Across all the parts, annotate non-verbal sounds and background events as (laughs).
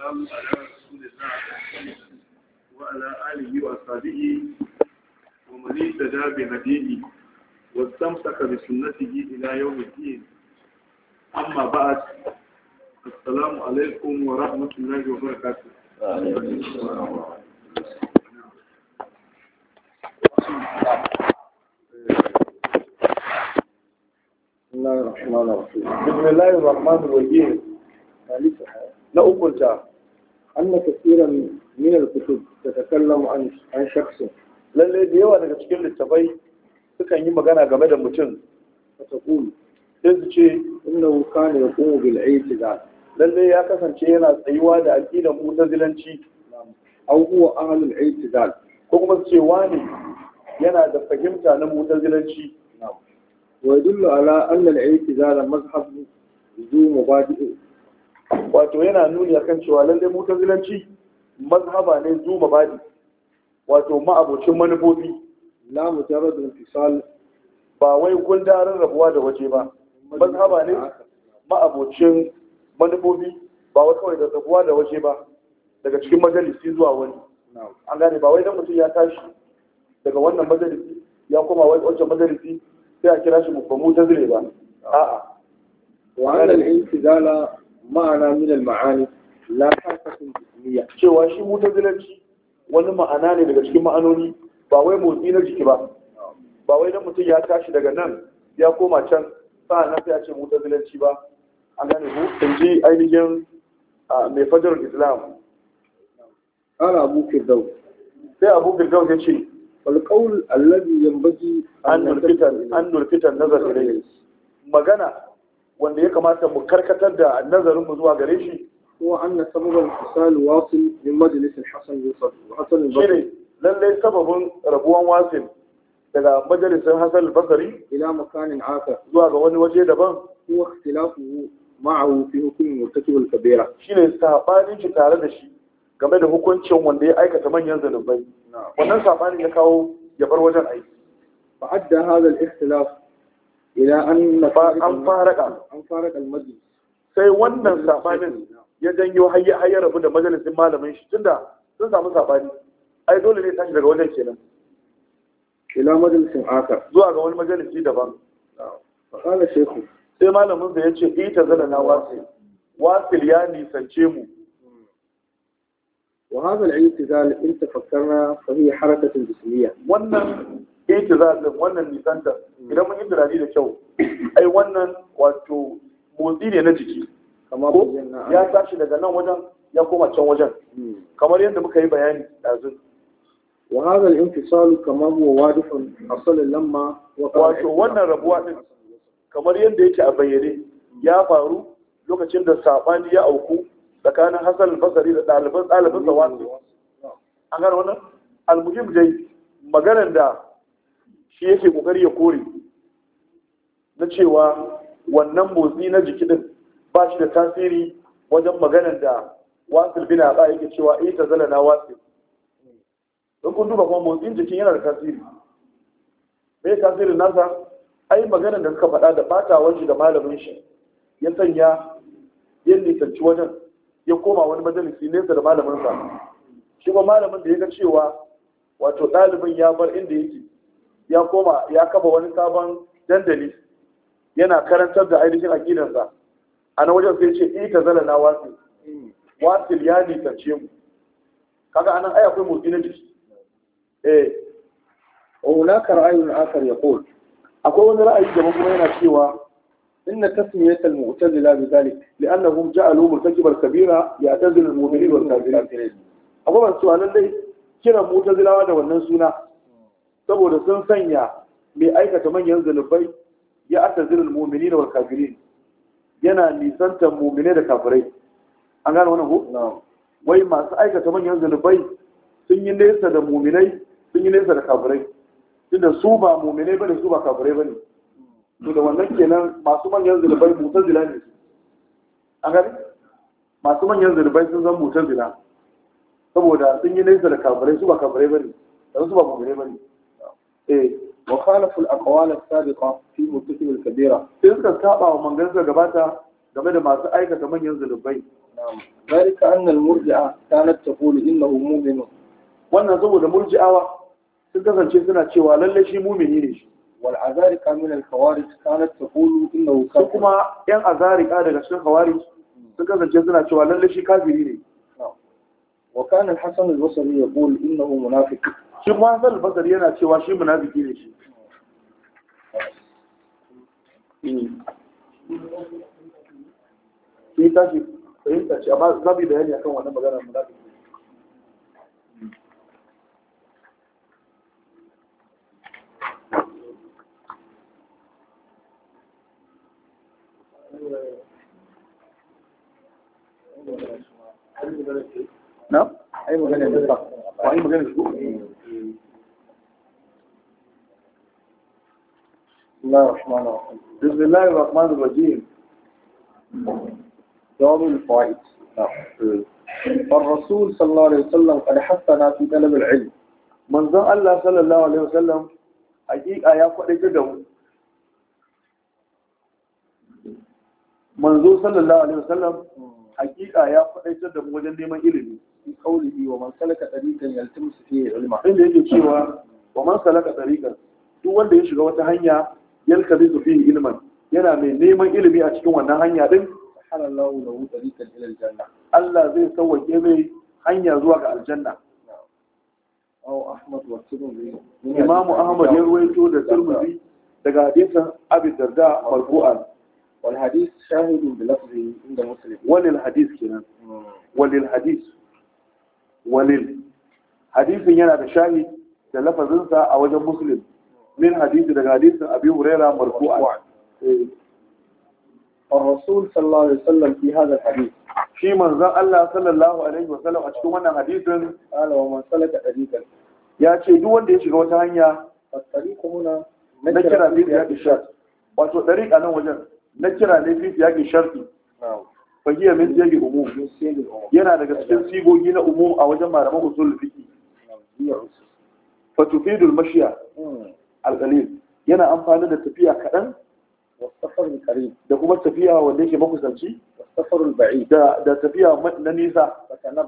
salamu ala wa ala alihi wa sabihi wa mani ta dabe na dini wa da sunnati yi ila yau da dini ba a salamu alaikum wa أن كثيرا من الكتب تتكلم عن عن شخص lallai da yawa daga cikin littafai sukan yi magana game da mutum ta taƙulu sai su ce inna kana ya kuma bil aitida lallai ya kasance yana tsayuwa da aqidan mutazilanci aw huwa ahlul aitidal ko kuma su ce wani yana da fahimta na mutazilanci wa yadullu ala anna al aitidal mazhab zu mubadi'u wato yana nuni akan cewa lalle mutazilanci mazhaba ne zu mabadi wato ma'abocin manufofi la mujarrad intisal ba wai gundarin rabuwa da waje ba mazhaba ne ma'abocin manufofi ba wai kawai da rabuwa da waje ba daga cikin majalisi zuwa wani an gane ba wai dan mutum ya tashi daga wannan majalisi ya koma wai wancan majalisi sai a kira shi mu mutazile ba a'a wa alal intizala ma'ana min al-ma'ani la hasatin jismiya cewa shi mutazilanci wani ma'ana ne daga cikin ma'anoni ba wai motsi na jiki ba ba wai dan mutum ya tashi daga nan ya koma can sa'an na sai a ce mutazilanci ba an gane ku in ji ainihin mai fajar islam ala abu firdaus sai abu firdaus ya ce والقول الذي ينبغي أن نلفت النظر إليه magana wanda ya kamata mu karkatar da nazarin mu zuwa gare shi wa anna sababal fisal wasil min majlis Hassan al-Basri lalle sababin rabuwan wasil daga majalisar Hassan al-Basri ila makanin aka zuwa ga wani waje daban huwa ikhtilafu ma'ahu fi hukmi murtakib al-kabira shine sabanin shi tare da shi game da hukuncin wanda ya aikata manyan zanubai wannan sabanin ya kawo ya bar wajen aiki fa'adda hadha al-ikhtilaf ila an an faraka an faraka almajlis sai wannan sabanin ya janyo har ya rabu da majalisin malamin shi tunda sun samu sabani ai dole ne tashi daga wajen kenan ila majalisin aka zuwa ga wani majalisi daban fakala shehu sai malamin sa yace ita zala na wasil wasil ya nisance mu وهذا in إن تفكرنا فهي حركة جسمية. Wannan. za itizazin wannan nisanta idan mun yi tunani da kyau ai wannan wato motsi ne na jiki ko ya ah. tashi daga nan wajen ya koma can wajen hmm. kamar yadda muka yi bayani ɗazu wa hadha al-infisalu kama huwa wadifun asalan lamma wato wannan rabuwa din kamar yadda yake a bayyane ya faru lokacin da sabani ya auku tsakanin Hassan al da ɗaliban ɗaliban Zawasi an gano wannan al-muhim dai maganar da shi yake kokari ya kore na cewa wannan motsi na jiki din ba shi da tasiri wajen maganar da wasil bin aba yake cewa eh ta zala na wasil don kun duba kuma motsin jikin yana da tasiri me tasirin nasa ai maganar da suka faɗa da bata shi da malamin shi ya sanya ya nisanci wajen ya koma wani majalisi nesa da malaminsa shi ba malamin da ya ga cewa wato ɗalibin ya bar inda yake ya koma ya kafa wani sabon dandali yana karantar da ainihin aƙidansa a na wajen sai ce in ta zala na wasil wasil ya nisance mu kaga anan ai akwai motsi na jiki eh wa hunaka akar ya yaqul akwai wani ra'ayi da kuma yana cewa inna tasmiyat al-mu'tazila bi zalik li'annahum ja'alu murtakib kabira ya'tazilu al-mu'minin wal kafirin akwai ban su anan dai kiran mu'tazilawa da wannan suna saboda sun sanya mai aikata manyan zunubai ya zirin mumini da wakafirin yana nisantar mumini da kafirai an gane wani hukuna wai masu aikata manyan zunubai sun yi nesa da muminai sun yi nesa da kafirai inda su ba muminai bane su ba kafirai bane to da wannan kenan masu manyan zunubai zina ne an gane masu manyan zunubai sun zan zama zina. saboda sun yi nesa da kafirai su ba kafirai bane da su ba muminai bane Eh, wa khalafu al-aqwal as-sabiqa fi murtakib kabira sai suka saba wa mangansa gabata game da masu aikata manyan zulubai ذلك أن المرجعة كانت تقول إنه مؤمن wannan saboda murji'awa sun kasance suna cewa lallai shi mumini ne shi wal azarika min al khawarij kanat taqulu innahu kafir kuma yan azarika daga cikin khawarij sun kasance suna cewa lallai shi kafiri ne wa kana al hasan al basri yaqul innahu munafiq shi kuma hasan basar yana cewa shi munafiki ne shi fahimta ce amma akan wannan magana munafiki بسم الله الرحمن الرحيم بسم الله الفائت فالرسول صلى الله عليه وسلم قد حثنا في طلب العلم من ذا الله صلى الله عليه وسلم حقيقة يا جدو sallallahu alaihi wasallam hakika ya faɗaitar da wajen neman ilimi in kaulihi wa man salaka tariqan yaltamisu fihi ilma inda yake cewa wa man salaka tariqan duk wanda ya shiga wata hanya yalkazisu fi ilimin. yana mai neman ilimi a cikin wannan hanya din Allah zai sauwake mai hanya zuwa ga aljanna Imam'u ahmad ya ruwaito da tirmidhi daga hadisin abi darda marfu'an walil hadith kenan hmm. walil hadith yana da da lafazinsa a wajen muslim min hadisi daga hadisin abi huraira marfu'a الرسول صلى الله عليه وسلم في هذا الحديث من ذا الله صلى الله عليه وسلم a cikin wannan hadisin ala wa man salaka tariqan ya ce duk ya shiga wata hanya tariqu na kira ne fi yaqi shart wato tariqa nan wajen na kira ne fi yaqi sharti fa hiya min yaqi umum yana daga cikin sigogi na umum a wajen malaman usul mashiya alƙalil yana amfani da tafiya kaɗan wasafarul qarib da kuma tafiya wanda yake makusanci wasu ba'id da da tafiya na nisa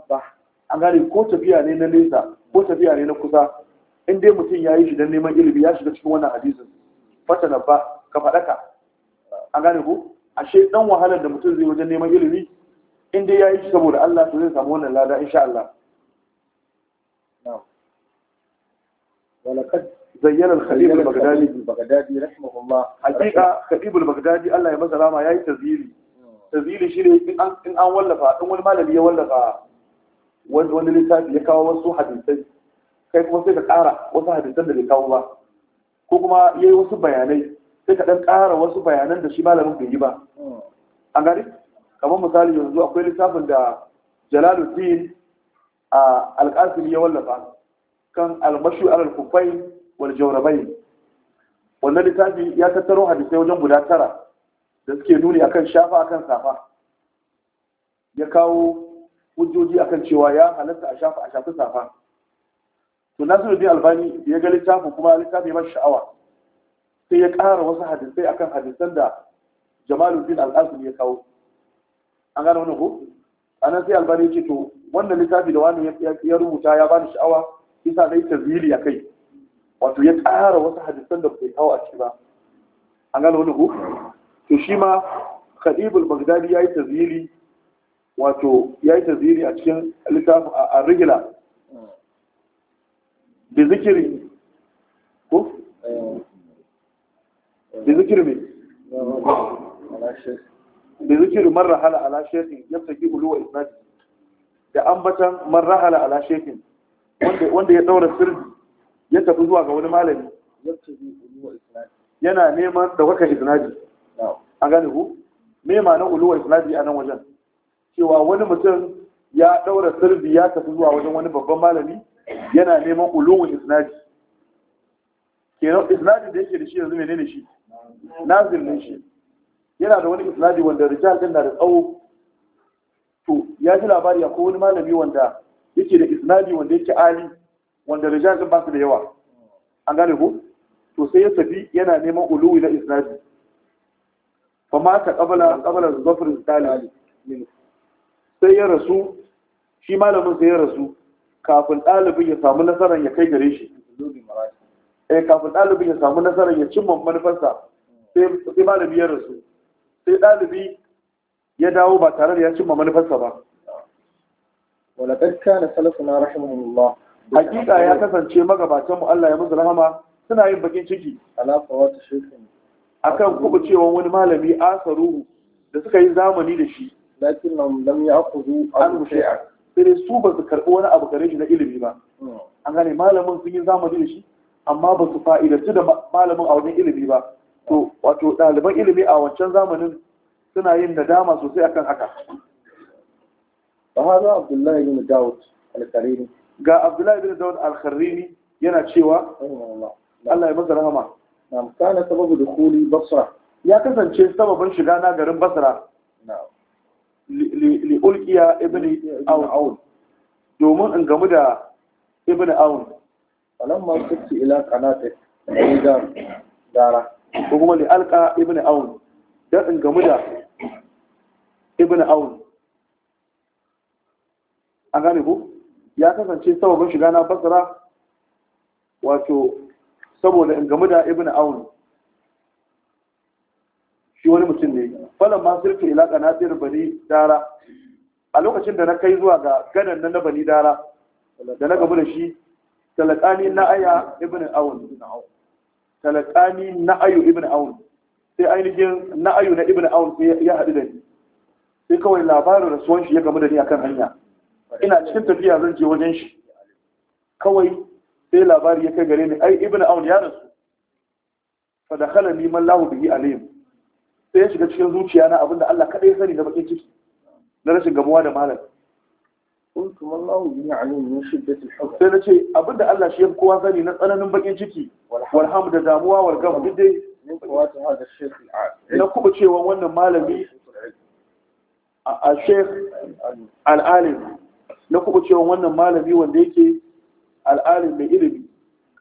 ba. an gane ko tafiya ne na nisa ko tafiya ne na kusa in dai mutum ya yi shi don neman ilimi ya shiga cikin wannan hadisin ba ka faɗaka an gane ko ashe ɗan wahalar da mutum zai wajen neman ilimi in dai ya yi shi saboda Allah to zai samu wannan lada insha Allah na'am زين الخليل البغدادي البغدادي رحمه الله حقيقة خليل البغدادي الله يمسى لما يأي تزيلي تزيلي شيء إن أن ولفا إن ولا مال بي ولفا وان لسان يكاو وسو حديثي kai kuma sai ka ƙara wasu hadisan da bai kawo ba ko kuma ya yi wasu bayanai sai ka ɗan ƙara wasu bayanan da shi malamin bai yi ba A gani kamar misali yanzu akwai lissafin da jalaluddin a alƙasiri ya wallafa kan almashu alal kufai wal wannan littafi ya tattaro hadisai wajen guda tara da suke nuni akan shafa akan safa ya kawo hujjoji akan cewa ya halatta a shafa a shafi safa to nasiruddin albani ya ga littafin kuma littafi mai sha'awa sai ya ƙara wasu hadisai akan hadisan da jamaluddin al'azumi ya kawo an gane wani ko ana sai albani ce to wannan littafi da wani ya rubuta ya bani sha'awa isa dai tazili taziri a kai wato ya tsara wasu hadisan da bai kawo a ciki ba an gano wani ku to shi ma khadibul bagdadi yayi tazili wato yayi tazili a cikin littafin a rigila bi zikiri ko bi zikiri me bi zikiri marra hala ala shekin yabtaki uluwa isnadi da ambatan marra hala ala shekin wanda ya daura sirri ya tafi zuwa ga wani malami yana neman ɗaukakar isnadi A gane ku me na uluwar isnadi a nan wajen cewa wani mutum ya ɗaura sirbi ya tafi zuwa wajen wani babban malami yana neman uluwar isnadi kenan isnadi da yake da shi yanzu menene shi nazir ne shi yana da wani isnadi wanda rijal din na da tsawo to ya ji labari akwai wani malami wanda yake da isnadi wanda yake ali wanda rijal din ba su da yawa an gane ku? to sai ya tafi yana neman uluwi na isnadi fa mata qabla qabla zafar dali sai ya rasu shi malamin sai ya rasu kafin ɗalibin ya samu nasarar ya kai gare shi eh kafin ɗalibin ya samu nasarar ya cimma manufarsa sai malami ya rasu sai ɗalibi ya dawo ba tare da ya cimma manufarsa ba wala kad kana salafuna rahimahullah hakika ya kasance magabatan mu Allah ya musu rahama suna yin bakin ciki ala fawata shaykhin akan wani malami asaruhu da suka yi zamani da shi lakin lam lam ya'khudhu an shay'a sai su ba su karbi wani abu gare shi na ilimi ba hmm. an gane malamin sun yi zamani da shi amma ba su fa'idantu da malamin a wajen ilimi ba to wato ɗaliban ilimi a wancan zamanin suna yin nadama sosai akan haka. Bahaza Abdullahi bin Dawud al-Karimi ga abdullahi bin daud al-kharrini yana cewa Allah ya masa rahama nam kana sababu dukhuli basra ya kasance sababin shiga na garin basra li ulqiya ibn aun domin in gamu da ibn aun falamma kuntu ila qanati idan dara ko kuma li alqa ibn aun dan in gamu da ibn aun an gane ku ya kasance sababin shiga na basara. wato saboda in gamu da ibn aun shi wani mutum ne falon ma ilaka na kanatir bani dara a lokacin da na kai zuwa ga ganan na bani dara da na gamu da shi talakani na aya ibn aun talakani na ayu ibn aun sai ainihin na ayu na ibn aun sai ya haɗu da ni sai kawai labarin rasuwan shi ya gamu da ni akan hanya ina cikin tafiya zan je wajen shi kawai sai labari ya kai gare ni ai ibn aun ya rasu fa dakhala ni man lahu bihi alim sai ya shiga cikin zuciya na abinda Allah kada ya sani da bakin ciki na rashin gamuwa da malam kuntu man lahu bihi alim min shiddati al-hub sai nace abinda Allah shi ya kowa sani na tsananin bakin ciki walhamdu da damuwa wal gam duk dai na kuma cewa wannan malami a sheikh al-alim na cewa wannan malami wanda yake al'alim mai ilimi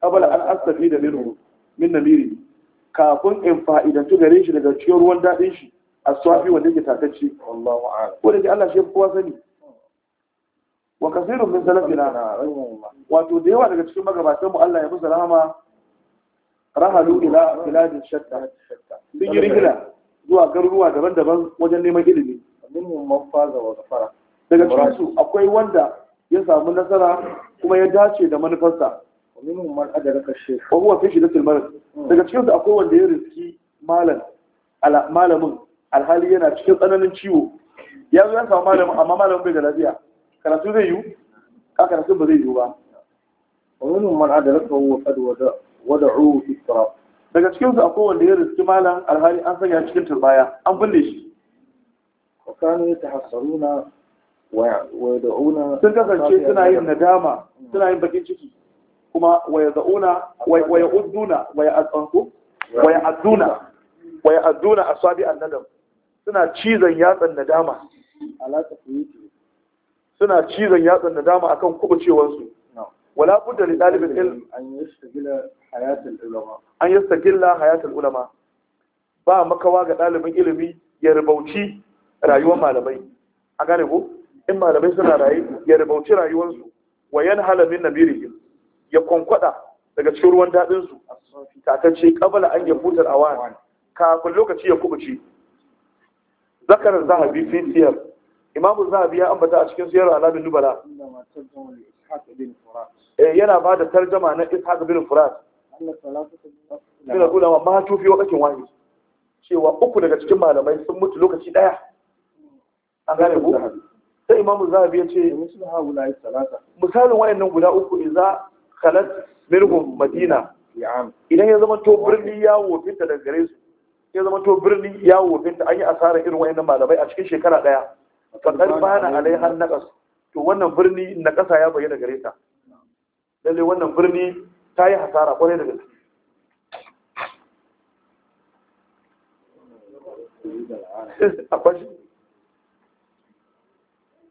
kabala an astafi da minu min namiri kafin in fa'idantu gare shi daga cikin ruwan daɗin shi a swafi wanda yake tatacce wallahu a'lam ko da Allah shi kowa sani wa kasirun min salafina wato da yawa daga cikin magabatan mu Allah ya musu rahama rahalu ila biladin shatta sun yi rigila zuwa garuruwa daban-daban wajen neman ilimi minhum mun faza wa zafara daga cikinsu akwai wanda ya samu nasara kuma ya dace da manufarsa wa من shi. الشيخ وهو daga cikinsu akwai wanda ya riski malam malamin alhali yana cikin tsananin ciwo ya zo ya samu malamin amma malamin bai da lafiya karatu zai yi a karatu ba zai yi ba ومنهم من أدركه وقد ودعوه في التراب daga cikin su akwai wanda ya riski malam alhali an sanya cikin turbaya an bulle shi wa kanu hasaruna. sun kasance suna yin nadama mm. suna yin bakin ciki kuma waya za'una waya uduna, waya azanku waya aduna. waya aduna a asabi annadam suna cizon yatsan nadama suna cizon yatsan nadama akan kubucewansu wala budda li dalibin ilm an yastagilla hayatul ulama hayatul ulama ba makawa ga dalibin ilimi ya rubauci rayuwar malamai a gane ko in malamai suna raye ya ribauci rayuwarsu wa yan halamin nabirihim ya kwankwada daga cikin ruwan daɗinsu. su takacce kabala an ya futar awan kafin lokaci ya kubuce zakarar zahabi fi siyar imamu zahabi ya ambata a cikin siyar alamin nubala eh, yana ba da tarjama na ishaq bin furat suna wa ma tufi wakakin wani cewa uku daga cikin malamai sun mutu lokaci daya an gane ku sai imamu zahabi ya ce eh, misalin wayannan guda uku idza khalat minhum madina idan ya zama to birni ya wofinta daga gare su ya zama to birni ya wofinta an yi asara irin wayannan malamai a cikin shekara daya fakar bana alaihan naqas to wannan birni na kasa ya bayyana gare ta lalle wannan birni ta yi hasara kwarai da gaske (laughs) a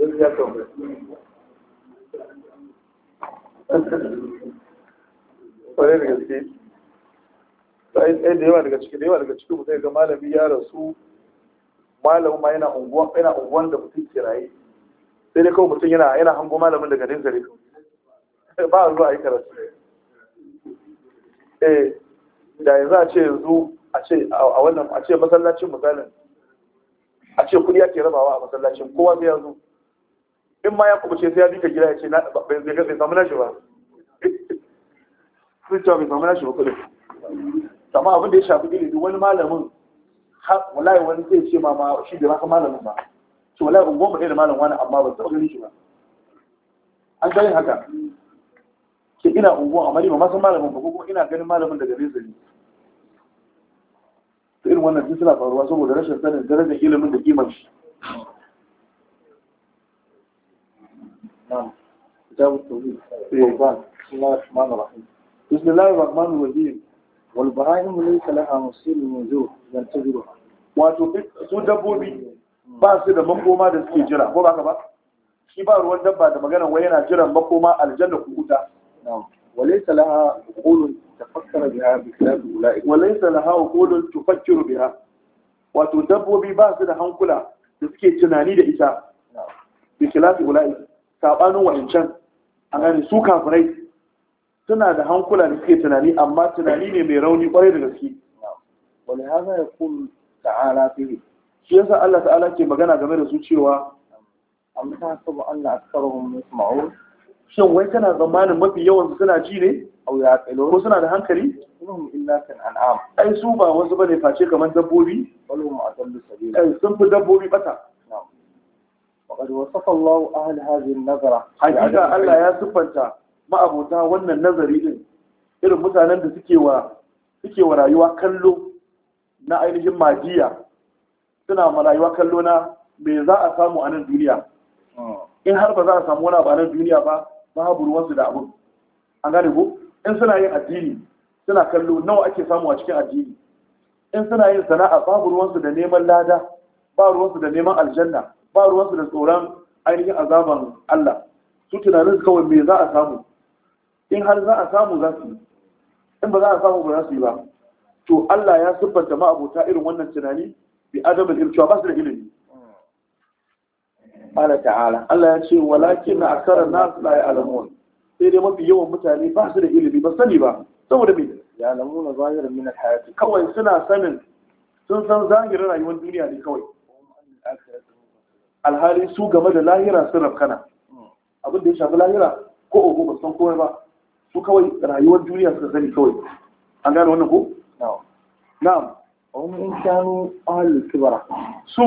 kwarai sai dai kawai mutum yana yana malamin daga nesa ne ba a zuwa karatu eh, da yanzu a ce yanzu a ce a wannan a ce masallacin misalin a ce kudi ake rabawa a masallacin kowa sai ya zo in ma ya kubuce sai ya bi ka gida ya ce bai samu nashi ba sun cewa bai samu nashi ba kudin amma abin da ya shafi ilimi wani malamin wallahi wani zai ce ma shi bai maka malamin ba ce wallahi ban goma irin malam wani amma ban taɓa ganin shi ba an ganin haka ke ina unguwa amma ba masan malamin ba kuma ina ganin malamin daga nesa ne irin wannan sun suna faruwa saboda rashin sanin darajar ilimin da kimar shi نعم كتاب التوحيد القرآن بسم الله الرحمن الرحيم بسم الله الرحمن الرحيم والبهائم ليس لها مصير من وجوه ينتظرها wato su dabbobi ba su da makoma da suke jira ko ba ka ba shi ba ruwan dabba da magana wai yana jiran makoma aljanna ku huta وليس لها عقول تفكر بها بخلاف اولئك وليس لها عقول تفكر بها wato dabbobi ba su da hankula da suke tunani da ita bikilaf ulai saɓanin wahincan a gani su kafirai suna da hankula da suke tunani amma tunani ne mai rauni kwarai da gaske wani haza ya kun ta'ala ne? shi yasa Allah ta'ala ke magana game da su cewa amma ta saba Allah askarahum yasma'un shin wai kana zamanin mafi yawan su suna ji ne au ya ko suna da hankali kan ai su ba wasu bane face kamar dabbobi walhum adallu sabila ai sun fi dabbobi bata وقد وصف الله أهل هذه النظرة حقيقة الله يا سبحانه ما أبوتها وأن النظري إن إذا مثلا أنت سكي suke wa rayuwa kallo na ainihin majiya, suna ma rayuwa kallo na me za a samu a nan duniya in har ba za a samu wani ba nan duniya ba babu ruwansu da abu an gane ko in suna yin addini suna kallo nawa ake samu a cikin addini in suna yin sana'a babu da neman lada ba ruwansu da neman aljanna ba ruwansu da tsoron ainihin azaban Allah su tunanin kawai me za a samu in har za a samu za su yi in ba za a samu ba za su yi ba to Allah ya siffanta ma'abuta irin wannan tunani bi adamul ilmi ba su da ilimi Allah ta'ala Allah ya ce walakin akara nas la ya'lamun sai dai mafi yawan mutane ba su da ilimi ba sani ba saboda me ya lamu na zahirin min hayati kawai suna sanin sun san zahirin rayuwar duniya ne kawai alhali su game da lahira sun rafkana abin da ya shafi lahira ko ogo ba san komai ba su kawai rayuwar duniya suka sani kawai an gane wannan ko na'am wani in shanu ahalin kibara su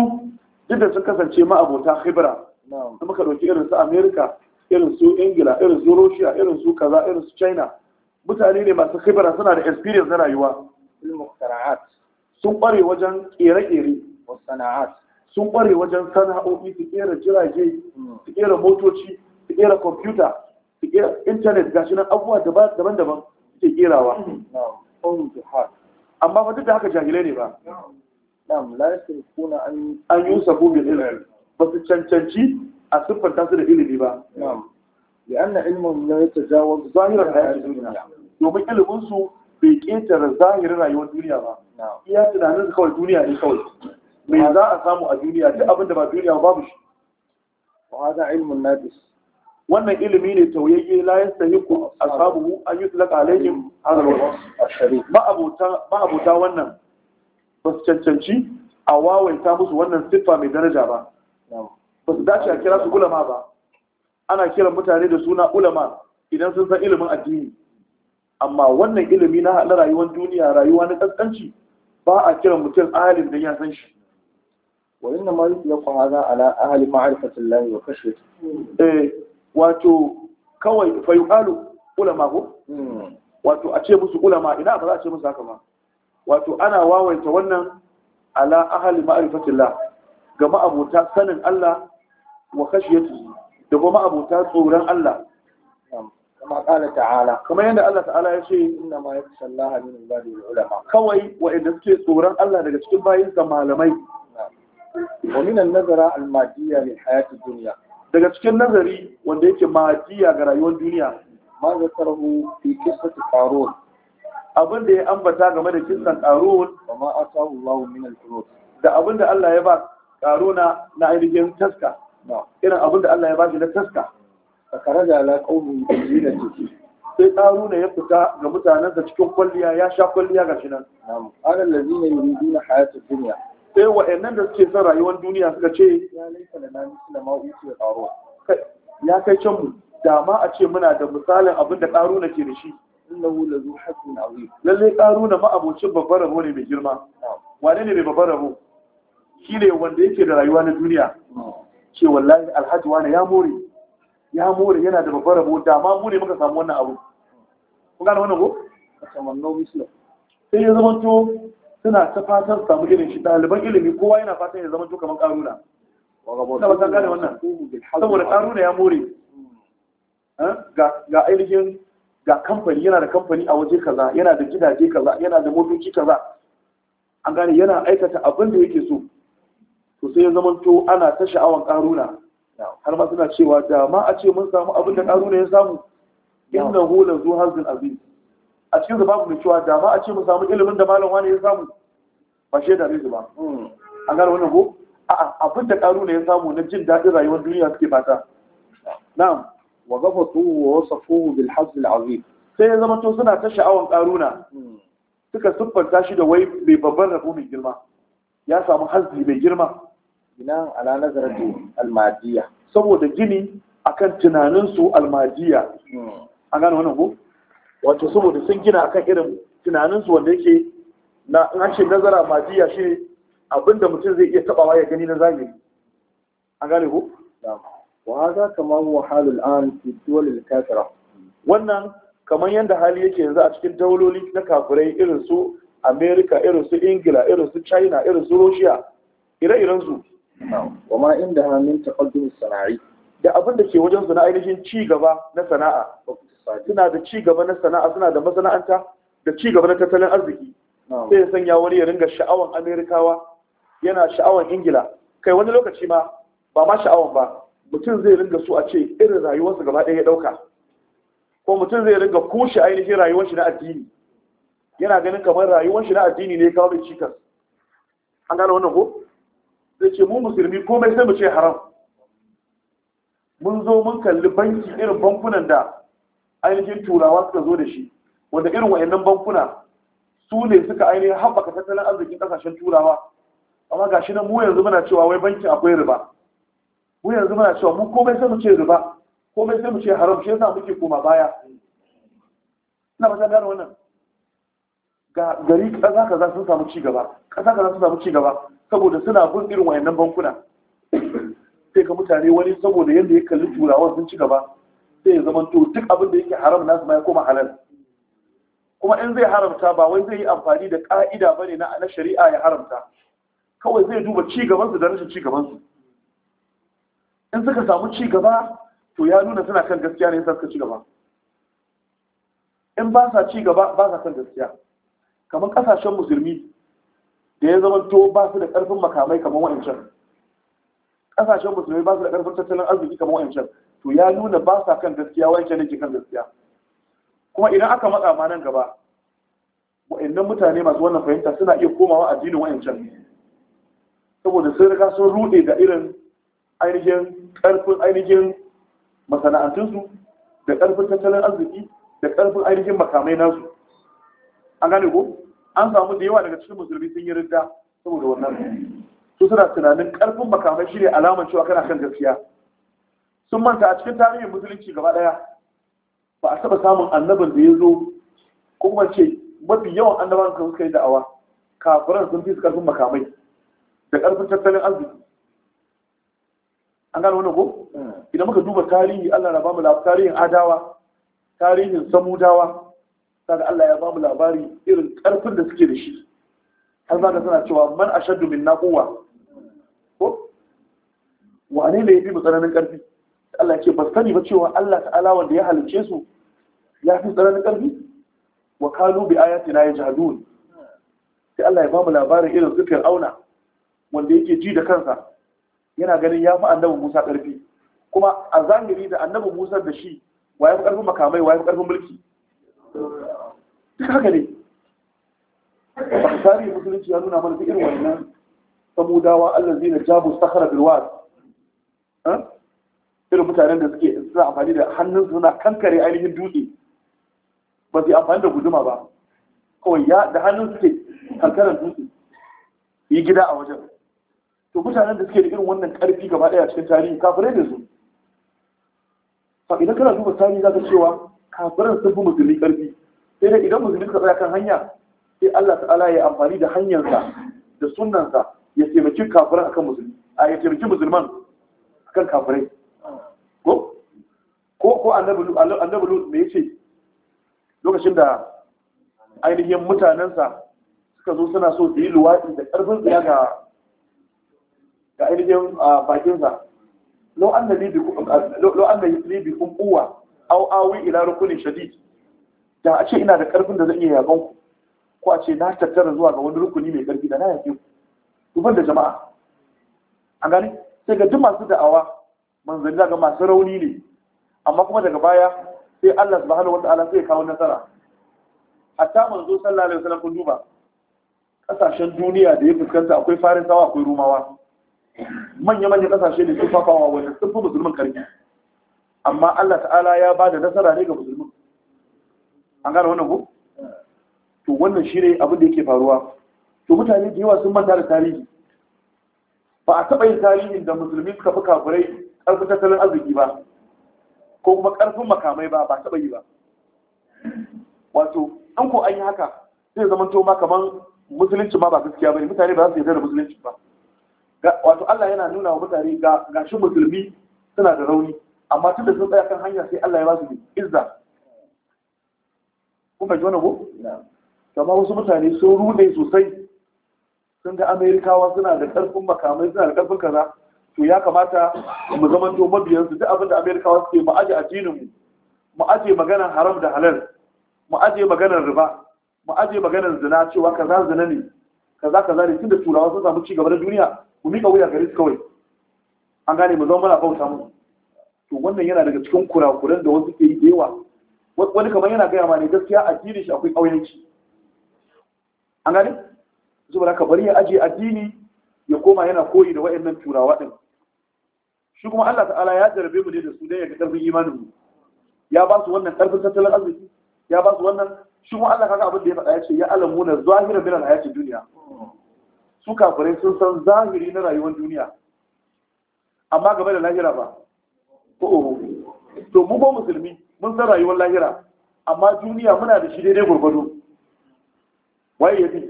duk da sun kasance ma'abota kibara da muka ɗauki irin su america irin su ingila irin su russia irin su kaza irin su china mutane ne masu kibara suna da experience na rayuwa sun ƙware wajen ƙere-ƙere sana'at sun kware wajen sana'o'i su kera jirage su kera motoci su kera kwamfuta su kera intanet gashi nan abubuwa daban-daban suke kerawa amma fa duk da haka jahilai ne ba na'am la yasrifuna an an yusafu bil ilm ba su cancanci a siffanta su da ilimi ba na'am ilimin ilmun la yatajawaz zahiran hayatid dunya domin iliminsu bai ƙetare zahirin rayuwar duniya ba iya tunanin kawai duniya ne kawai me za a samu a duniya duk abin da ba duniya babu shi wa hada ilmun nadis wannan ilimi ne tauyayye la yastahiqu ashabuhu an yutlaqa alaihim hadha al-wasf ma abota ma abota wannan ba su cancanci a wawaita musu wannan siffa mai daraja ba ba su dace a kira su ulama ba ana kiran mutane da suna ulama idan sun san ilimin addini amma wannan ilimi na rayuwar duniya rayuwa na kaskanci ba a kiran mutum alim don ya san shi وإنما يطلق هذا على أهل معرفة الله وخشيته إيه واتو كوي فيقال علماء واتو أتشي بس علماء إلا أبدا أتشي بس هكما واتو أنا واوي تونن على أهل معرفة الله كما أبو تأسن الله وخشيته كما أبو تأسورا الله كما قال تعالى كما يند الله تعالى يشي إنما يخشى الله من عباده العلماء كوي وإن سكي صورا الله لكي باين كما لمي wa min nazara al-madiyya lil hayati dunya daga cikin nazari wanda yake madiyya ga rayuwar duniya ma zakarahu fi qissati qarun abin da ya ambata game da kissan qarun wa ma atahu Allah min al da abin da Allah ya ba qaruna na ainihin taska irin abin da Allah ya ba shi na taska fakaraja ala qaumin zinati sai qaruna ya fita ga mutanansa cikin kwalliya ya sha kwalliya ga shi nan na'am alal ladina yuriduna hayatad duniya. sai wa'annan da suke son rayuwar duniya suka ce ya kai can mu da ma a ce muna da misalin abin da ƙaruna ke da shi lallai ƙaruna ma'abocin babbar rabo ne mai girma wane ne mai babbar rabo shi ne wanda yake da rayuwa na duniya ce wallahi alhaji wane ya more ya more yana da babbar rabo da ma mu ne muka samu wannan abu kun gane wannan ko sai ya zama to suna ta fatan samu irin shi ɗaliban ilimi kowa yana fatan ya zama kamar ƙaruna na ta gane wannan saboda ƙaruna ya more eh? ga ainihin ga kamfani yana da kamfani a waje kaza yana da gidaje kaza yana da motoci kaza an gane yana aikata abin da yake so to sai ya zama to ana ta sha'awan ƙaruna har ma suna cewa da ma a ce mun samu abin da ƙaruna ya samu innahu la zu hazin aziz a cikin su babu mai cewa da a ce mu samu ilimin da malam wani ya samu ba shi da rizu ba an gara wani ko a'a abin da karu ne ya samu na jin daɗin rayuwar duniya suke fata na'am wa gafa gafatuhu wa wasa bil hazl al sai ya zama to suna ta sha'awan karuna suka siffanta shi da wai mai babban rafu mai girma ya samu hazzi mai girma Ina ala nazaratu almadiya saboda gini akan tunaninsu su almadiya hmm. an gane wannan ko wato saboda sun gina akan irin tunaninsu wanda yake na in an ce nazara majiya shi abinda mutum zai iya tabawa ya gani na zahiri an gane ku wa hada kama huwa halul an fi duwal kafira wannan kamar yadda hali yake yanzu a cikin dauloli na kafirai irin su Amerika, irin su Ingila, irin su China, irin su Russia, ire-iren su. Wa ma inda hannun taƙaddumin sana'i. Da abin da ke wajen su na ainihin ci gaba na sana'a. suna da ci gaba na sana'a suna da masana'anta da ci gaba na tattalin arziki sai ya sanya wani ya ringa sha'awan amerikawa yana sha'awan ingila kai wani lokaci ma ba ma sha'awan ba mutum zai ringa so a ce irin rayuwarsa gaba ɗaya ya ɗauka ko mutum zai ringa kushe ainihin rayuwar shi na addini yana ganin kamar rayuwar na addini ne kawo mai cikas an gane wannan ko zai ce mu musulmi komai sai mu ce haram mun zo mun kalli banki irin bankunan da ainihin turawa suka zo da shi wanda irin wa'annan bankuna su ne suka ainihin haɓaka tattalin arzikin ƙasashen turawa amma ga shi nan mu yanzu muna cewa wai bankin akwai riba mu yanzu muna cewa mu komai sai mu ce riba komai sai mu ce haram shi yasa muke koma baya ina ba ta gane wannan ga gari ƙasa kaza sun samu ci gaba ƙasa kaza sun samu ci gaba saboda suna bin irin wa'annan bankuna sai ka mutane wani saboda yadda ya kalli turawan sun ci gaba sai ya zama to duk abin da yake haram nasu ma ya koma halal kuma in zai haramta ba wai zai yi amfani da ka'ida ba ne na shari'a ya haramta kawai zai duba ci su da rashin ci su, in suka samu ci gaba to ya nuna suna kan gaskiya ne suka ci gaba in ba sa ci gaba ba sa kan gaskiya kamar kasashen musulmi da ya zama to ba su da karfin makamai kamar wa'ancan kasashen musulmi ba su da karfin tattalin arziki kamar wa'ancan to ya nuna ba sa kan gaskiya wancan nake kan gaskiya kuma idan aka matsa ma nan gaba wa'annan mutane masu wannan fahimta suna iya komawa addinin wa'ancan saboda sun riga sun rude da irin ainihin ƙarfin ainihin masana'antunsu da ƙarfin tattalin arziki da ƙarfin ainihin makamai nasu an gane ko an samu da yawa daga cikin musulmi sun yi ridda saboda wannan su suna tunanin ƙarfin makamai shi ne alamar cewa kana kan gaskiya sun manta a cikin tarihin musulunci gaba daya ba a saba samun annabin da ya zo kuma ce mafi yawan annaban kan suka yi da'awa kafiran sun fi su karfin makamai da karfin tattalin arziki an gano wani ko hmm. idan muka duba tarihi Allah na bamu labarin tarihin adawa tarihin samudawa kaga Allah ya bamu labari irin karfin da suke da shi har zaka sana cewa man ashaddu min quwwa ko wane ne yafi mu tsananin karfi Allah ke ba sani ba cewa Allah ta'ala wanda ya halice su ya fi tsananin ƙarfi wa kalu bi ayatina yajhadun sai Allah ya ba mu labarin irin su auna wanda yake ji da kansa yana ganin ya fi annabi Musa ƙarfi kuma a zahiri da annabi Musa da shi wa ya fi ƙarfin makamai wa ya fi ƙarfin mulki duk haka ne ba tarihi musulunci ya nuna mana irin wannan samudawa Allah zai na jabu sakara Bilwar. irin mutanen da suke suna amfani da hannun suna kankare ainihin dutse ba su yi amfani da guduma ba kawai ya da hannun suke kankaren dutse yi gida a wajen to mutanen da suke da irin wannan karfi gaba daya cikin tarihi kafirai da su fa idan kana duba tarihi zaka cewa kafiran sun fi musulmi karfi sai dai idan musulmi ka tsaya kan hanya sai Allah ta'ala ya amfani da hanyarsa da sunnansa ya taimaki kafiran akan musulmi a ya taimaki musulman akan kafirai ko ko annabi lut me yace lokacin da ainihin mutanensa suka zo suna so su yi luwaɗi da ƙarfin tsaya ga ainihin bakinsa lo an da libi kun kuwa au awi ila rukunin shadid da a ce ina da ƙarfin da zan iya yaƙon ku ko a ce na tattara zuwa ga wani rukuni mai ƙarfi da na yaƙe ku duban da jama'a an gani sai ga duk masu da'awa manzanni daga masu rauni ne amma kuma daga baya sai Allah subhanahu wata'ala zai kawo nasara hatta manzo sallallahu alaihi wasallam kun duba kasashen duniya da ya fuskanta akwai farisawa akwai rumawa manya manya kasashe ne sun fafawa wanda sun fi musulmin karfi amma Allah ta'ala ya ba da nasara ne ga musulmin an gane wannan ko to wannan shi ne abin da yake faruwa to mutane da yawa sun manta da tarihi ba a taɓa yin tarihin da musulmi suka fi kafirai ƙarfin tattalin arziki ba ko kuma ƙarfin makamai ba ba taɓa yi ba wato an ko an yi haka zai zama to ma kaman musulunci ma ba gaskiya ne, mutane ba za su yarda da musulunci ba wato Allah yana nuna wa mutane ga gashi musulmi suna da rauni amma tun da sun tsaya kan hanya sai Allah ya ba su izza kun fahimci wani ko kamar wasu mutane sun rude sosai sun ga Amerikawa suna da ƙarfin makamai suna da ƙarfin kaza to ya kamata mu zamanto mabiyansu duk abin da amerikawa suke mu aje addininmu mu aje maganar haram da halal mu aje maganar riba mu aje maganar zina cewa kaza zina ne kaza kaza ne tunda turawa sun samu ci gaba na duniya mu mika wuya gari su kawai an gane mu zama mana bauta mu to wannan yana daga cikin kurakuran da wasu ke yi da yawa wani kamar yana gaya ma ne gaskiya addini shi akwai ƙauyenci an gane zuwa ka bari ya aje addini ya koma yana koyi da wa'annan turawa din shi kuma Allah ta'ala ya jarabe mu ne da su daya ya ga karfin imanin mu ya ba su wannan karfin tattalin arziki ya ba su wannan shi kuma Allah kaga abin da ya faɗa ya ce ya alamu na zahira min alhayati duniya su kafirai sun san zahiri na rayuwar duniya amma game da lahira ba ko oho to mu ba musulmi mun san rayuwar lahira amma duniya muna da shi daidai gurgudu waye ya fi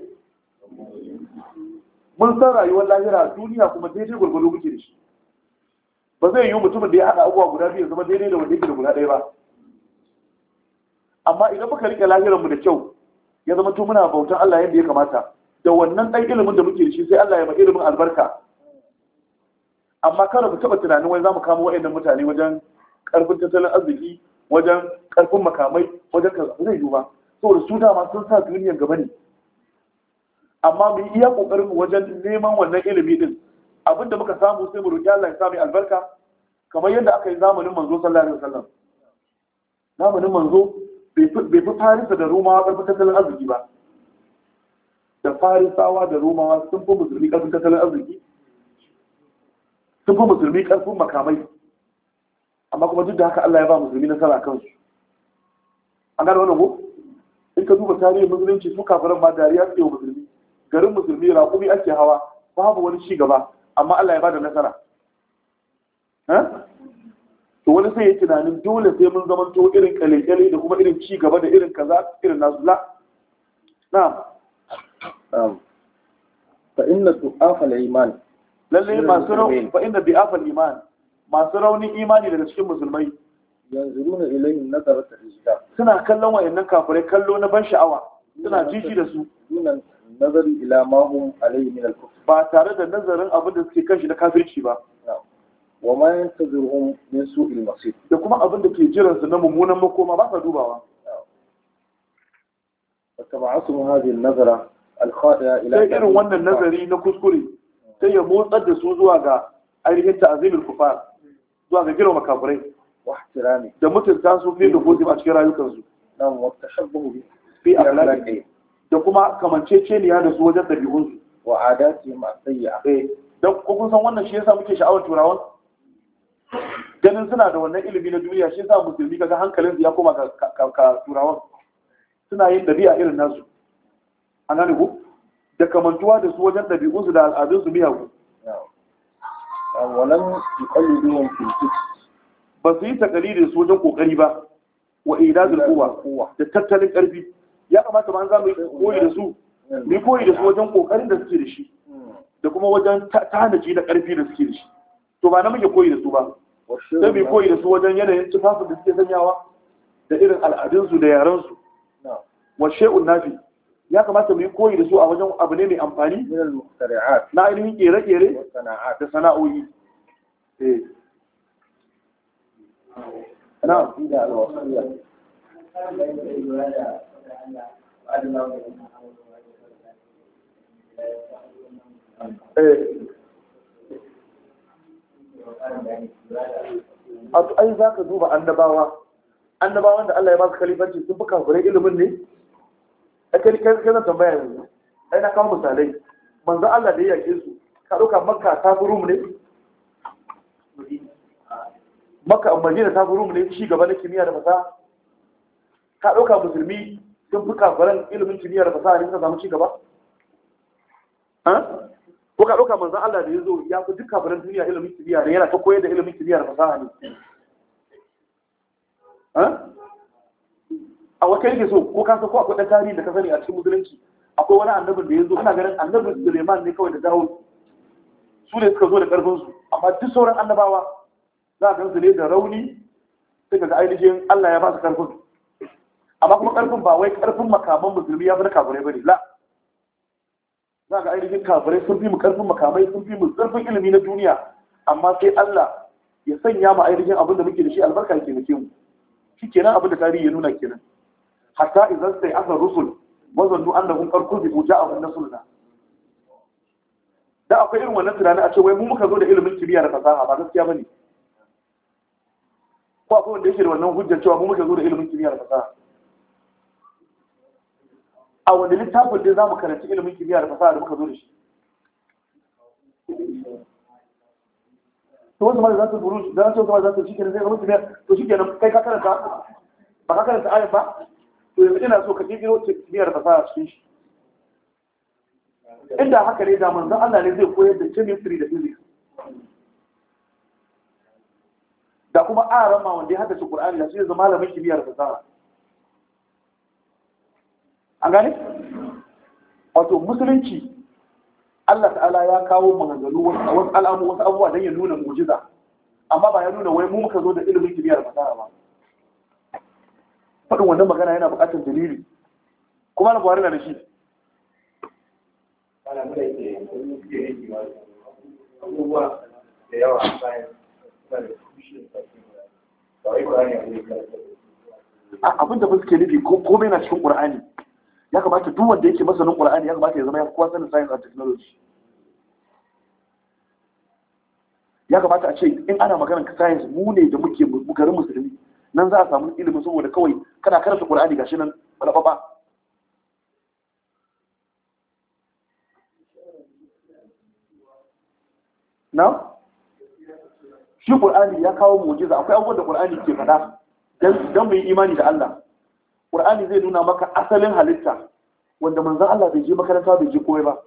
mun san rayuwar lahira duniya kuma daidai gurgudu kuke da shi ba zai yi mutumin da ya haɗa abuwa guda biyu zama daidai da wanda yake da guda ɗaya ba amma idan muka rike lahiranmu da kyau ya zama to muna bautan Allah yadda ya kamata da wannan ɗan ilimin da muke da shi sai Allah ya ma ilimin albarka amma kada mu taɓa tunanin wai za mu kama wa'annan mutane wajen ƙarfin tattalin arziki wajen ƙarfin makamai wajen kaza zai yiwu ba saboda su dama sun sa duniyan gaba ne amma mu yi iya ƙoƙarin wajen neman wannan ilimi din abin da muka samu sai mu roƙi Allah ya sami albarka kamar yadda aka yi zamanin manzo sallallahu alaihi wasallam zamanin manzo bai fi farisa da romawa ƙarfin tattalin arziki ba da farisawa da romawa sun fi musulmi ƙarfin tattalin arziki sun fi musulmi ƙarfin makamai amma kuma duk da haka Allah ya ba musulmi nasara kansu an gane wannan ko in ka duba tarihin musulunci su kafiran ma dariya suke wa musulmi garin musulmi raƙumi ake hawa babu wani ci gaba amma Allah ya bada nasara to wani sai ya tunanin dole sai mun zama to irin kalekale da kuma irin ci gaba da irin kaza irin nasula na'am fa inna du'afa al-iman lalle masu rauni fa inna du'afa al-iman masu raunin imani daga cikin musulmai yanzuruna ilayhim nazarat al-ijab suna kallon wayannan kafirai kallo na ban sha'awa suna jiji da su nazari ila ma hum alayhi min al ba tare da nazarin abin da suke kan shi na kafirci ba wa ma yantazirhum min su'il masir da kuma abin da ke jiran su na mummunan makoma ba sa dubawa tabasuhum hadhihi an-nazara al-khadi'a ila sai irin wannan nazari na kuskure sai ya motsar da su zuwa ga ainihin ta'zimul kufar zuwa ga girma kafirai wa ihtirami da mutunta su fi da a cikin rayukansu nan wa tashabbuhu bi fi da kuma ya da su wajen ɗabi'unsu wa adati ma sayya eh dan ko kun san wannan shi yasa muke sha'awar turawan ganin suna da wannan ilimi na duniya shi yasa musulmi kaga hankalin ya koma ga turawan suna yin ɗabi'a irin nasu an gane ku da kamantuwa da su wajen ɗabi'unsu da al'adunsu miyagu walan yuqalliduhum fil jism ba su yi takalidin su wajen kokari ba wa idazul quwwa da tattalin karfi ya kamata ma za mu yi koyi da su mu koyi da su wajen kokarin da suke da shi da kuma wajen tanaji da karfi da suke da shi to ba na muke koyi da su ba sai mu koyi da su wajen yanayin tufafin da suke sanyawa da irin al'adunsu da yarensu wa shay'un nafi ya kamata mu yi koyi da su a wajen abu ne mai amfani na ainihin kere-kere da sana'o'i eh. na a to ai za ka duba annabawa annabawan da Allah ya ba su kalifanci sun fi kafirai ilimin ne a kai kai zan tambaya yanzu ai na kawo misalai manzo Allah da ya yake su ka ɗauka makka ta fi rum ne makka madina ta fi rum ne ci gaba na kimiyya da fasaha ka ɗauka musulmi sun fi kafaran ilimin kimiyya fasaha ne suka samu ci gaba ko ka ɗauka manzan Allah da ya zo ya fi duk kafaran duniya ilimin kimiyya ne yana ta koyar da ilimin kimiyya da fasaha ne a wata yake so ko ka san ko akwai ɗan tarihi da ka sani a cikin musulunci akwai wani annabin da ya zo ina ganin annabin Suleiman ne kawai da dawo su ne suka zo da ƙarfinsu amma duk sauran annabawa za a gansu ne da rauni sai ga ainihin Allah ya ba su ƙarfin amma kuma karfin ba wai karfin makaman musulmi ya fi na kafirai bane la za ga ainihin kafirai sun fi mu karfin makamai sun fi mu zarfin ilimi na duniya amma sai Allah ya sanya mu ainihin abin da muke da shi albarka ke nake mu shi kenan abin da tarihi ya nuna kenan hatta idan sai aka rusul wa zannu annahum qad kuzibu ja'ahum nasulna da akwai irin wannan tunani a ce wai mu muka zo da ilimin kimiyya da fasaha ba gaskiya bane ko akwai wanda yake da wannan hujjar cewa mu muka zo da ilimin kimiyya da fasaha a wanda littafin da za mu karanci ilimin kimiyya da fasaha da muka zo da shi to wasu mara za su buru za su za su shi kenan zai zama kimiyya to shi kenan kai ka karanta ba ka karanta ayat ba to yanzu ina so ka kirkiro kimiyya da fasaha cikin shi inda haka ne da manzon Allah ne zai koyar da chemistry da physics da kuma arama wanda ya haddace Qur'ani da shi zama malamin kimiyya da fasaha an gane wato musulunci Allah ta'ala ya kawo maganganu wasu al'amu wasu abubuwa don ya nuna mujiza amma ba ya nuna wai mu muka zo da ilimin kimiyyar fasaha ba faɗin wannan magana yana buƙatar dalili kuma na buhari na da shi abin da ba suke nufi komai na cikin ƙur'ani ya kamata duk wanda yake masanin qur'ani ya kamata ya zama ya kowa sanin science and technology ya kamata a ce in ana maganar science mu ne da muke garin musulmi nan za a samu ilimin saboda kawai kana karanta qur'ani gashi nan balababa na shi qur'ani ya kawo mu'jiza akwai abubuwan da qur'ani ke faɗa dan mu yi imani da Allah Qur'ani zai nuna maka asalin halitta wanda manzan Allah bai je makaranta bai je koyi ba